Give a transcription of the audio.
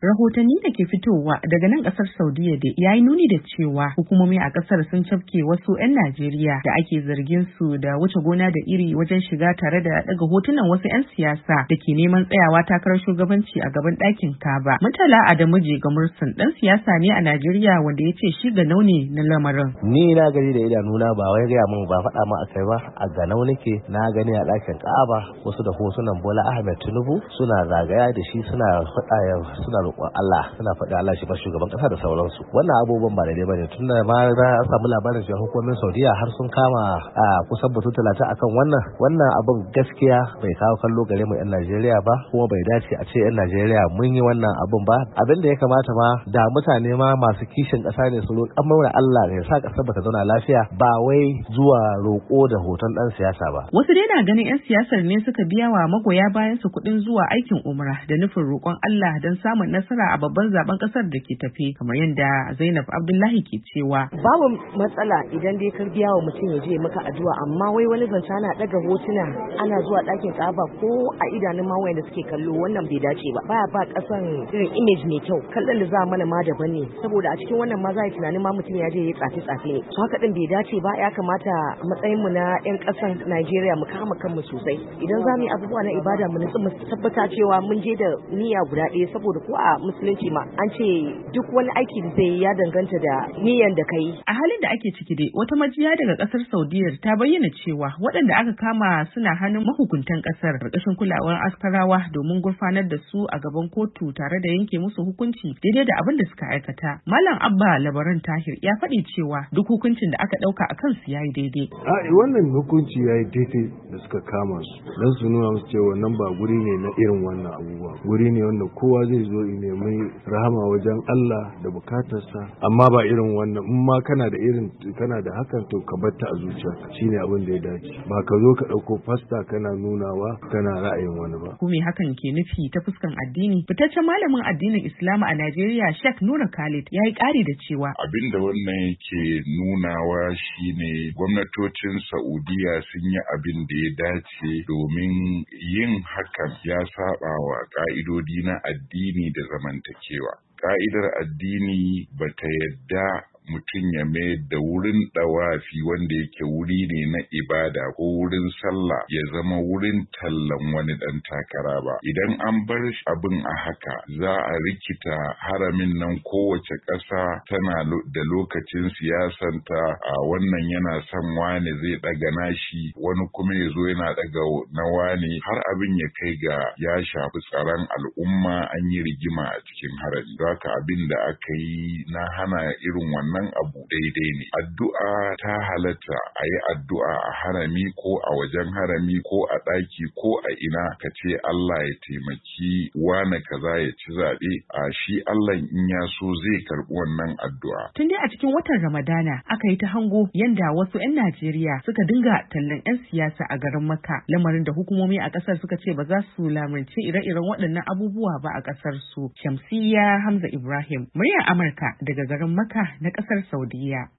rahotanni da ke fitowa daga nan kasar saudiya da ya yi nuni da cewa hukumomi a kasar sun cafke wasu 'yan najeriya da ake zargin su da wuce gona da iri wajen shiga tare da daga hotunan wasu 'yan siyasa da ke neman tsayawa takarar shugabanci a gaban ɗakin kaba mutala adamu ga mursun ɗan siyasa ne a najeriya wanda ya ce shi ga nauni na lamarin ni na gani da idanuna ba wai gaya mun ba faɗa ma akai ba a nauni ke na gani a ɗakin kaba wasu da hotunan bola ahmed tinubu suna zagaya da shi suna faɗa suna roƙon Allah suna faɗi Allah shi ba shugaban ƙasa da sauransu wannan abubuwan ba daidai bane tunda ma an samu labarin shi hukumomin Saudiya har sun kama a kusan batu talatin akan wannan wannan abin gaskiya bai kawo kallo gare mu yan Najeriya ba kuma bai dace a ce yan Najeriya mun yi wannan abun ba abin da ya kamata ma da mutane ma masu kishin ƙasa ne su roƙan maura Allah ya sa ƙasar ba ta zauna lafiya ba wai zuwa roƙo da hoton ɗan siyasa ba wasu dai na ganin yan siyasar ne suka biya wa magoya bayan su kuɗin zuwa aikin umra da nufin roƙon Allah don samun nasara a babban zaben kasar da ke tafe kamar yadda Zainab Abdullahi ke cewa. Babu matsala idan dai ka biya wa mutum ya je maka addu'a amma wai wani zance ana daga hotuna ana zuwa ɗakin tsaba ko a idanun ma wayanda suke kallo wannan bai dace ba. Baya ba kasan irin image mai kyau kallon da za mana ma daban ne saboda a cikin wannan ma za a tunanin ma mutum ya je ya tsafe tsafe ne. To haka din bai dace ba ya kamata matsayin mu na 'yan kasan Najeriya mu kama kanmu sosai. Idan za mu yi abubuwa na ibada mu nutsu mu tabbata cewa mun je da niyya guda ɗaya saboda ko a a musulunci ma an ce duk wani aiki da zai ya danganta da niyan da kai a halin da ake ciki dai wata majiya daga kasar saudiyar ta bayyana cewa waɗanda aka kama suna hannun mahukuntan kasar ƙarƙashin kulawar askarawa domin gurfanar da su a gaban kotu tare da yanke musu hukunci daidai da abin da suka aikata malam abba labaran tahir ya faɗi cewa duk hukuncin da aka ɗauka a kansu ya yi daidai eh, wannan hukunci ya yi daidai da suka kama su don su nuna musu cewa nan ba guri ne na irin wannan abubuwa guri ne wanda kowa zai zo in nemi rahama wajen Allah da bukatarsa amma ba irin wannan in kana da irin kana da hakan to ka bar ta a zuciya shine abin da ya dace ba ka zo ka ɗauko fasta kana nunawa kana ra'ayin wani ba ko me hakan ke nufi ta fuskan addini fitaccen malamin addinin Islam a Najeriya Sheikh Nura Khalid ya yi ƙari da cewa abin da wannan yake nunawa shine gwamnatocin Saudiya sun yi abin da ya dace domin yin hakan ya saba wa ka'idodi na addini da zamantakewa. Ka'idar addini ba ta yadda mutum ya mayar da wurin ɗawafi wanda yake wuri ne na ibada ko wurin sallah ya zama wurin tallan wani ɗan takara ba. Idan an bar abin a haka za a rikita haramin nan kowace ƙasa tana da lokacin siyasanta a wannan yana son wane zai ɗaga nashi wani kuma ya zo yana ɗaga na wane har abin ya kai ga ya shafi tsaron al'umma an yi rigima a cikin harami. Za ka abin da aka yi na hana irin wannan wannan abu daidai ne addu'a ta halatta a yi addu'a a harami ko a wajen harami ko a ɗaki ko a ina ka ce Allah ya taimaki wane kaza ya ci zaɓe a shi Allah in ya so zai karɓi wannan addu'a. Tun dai a cikin watan Ramadana aka yi ta hango yanda wasu 'yan Najeriya suka dinga tallan 'yan siyasa a garin Makka lamarin da hukumomi a ƙasar suka ce ba za su lamunci ire-iren waɗannan abubuwa ba a ƙasar su. Shamsiyya Hamza Ibrahim, muryar Amurka daga garin Makka na ƙasar 沙特。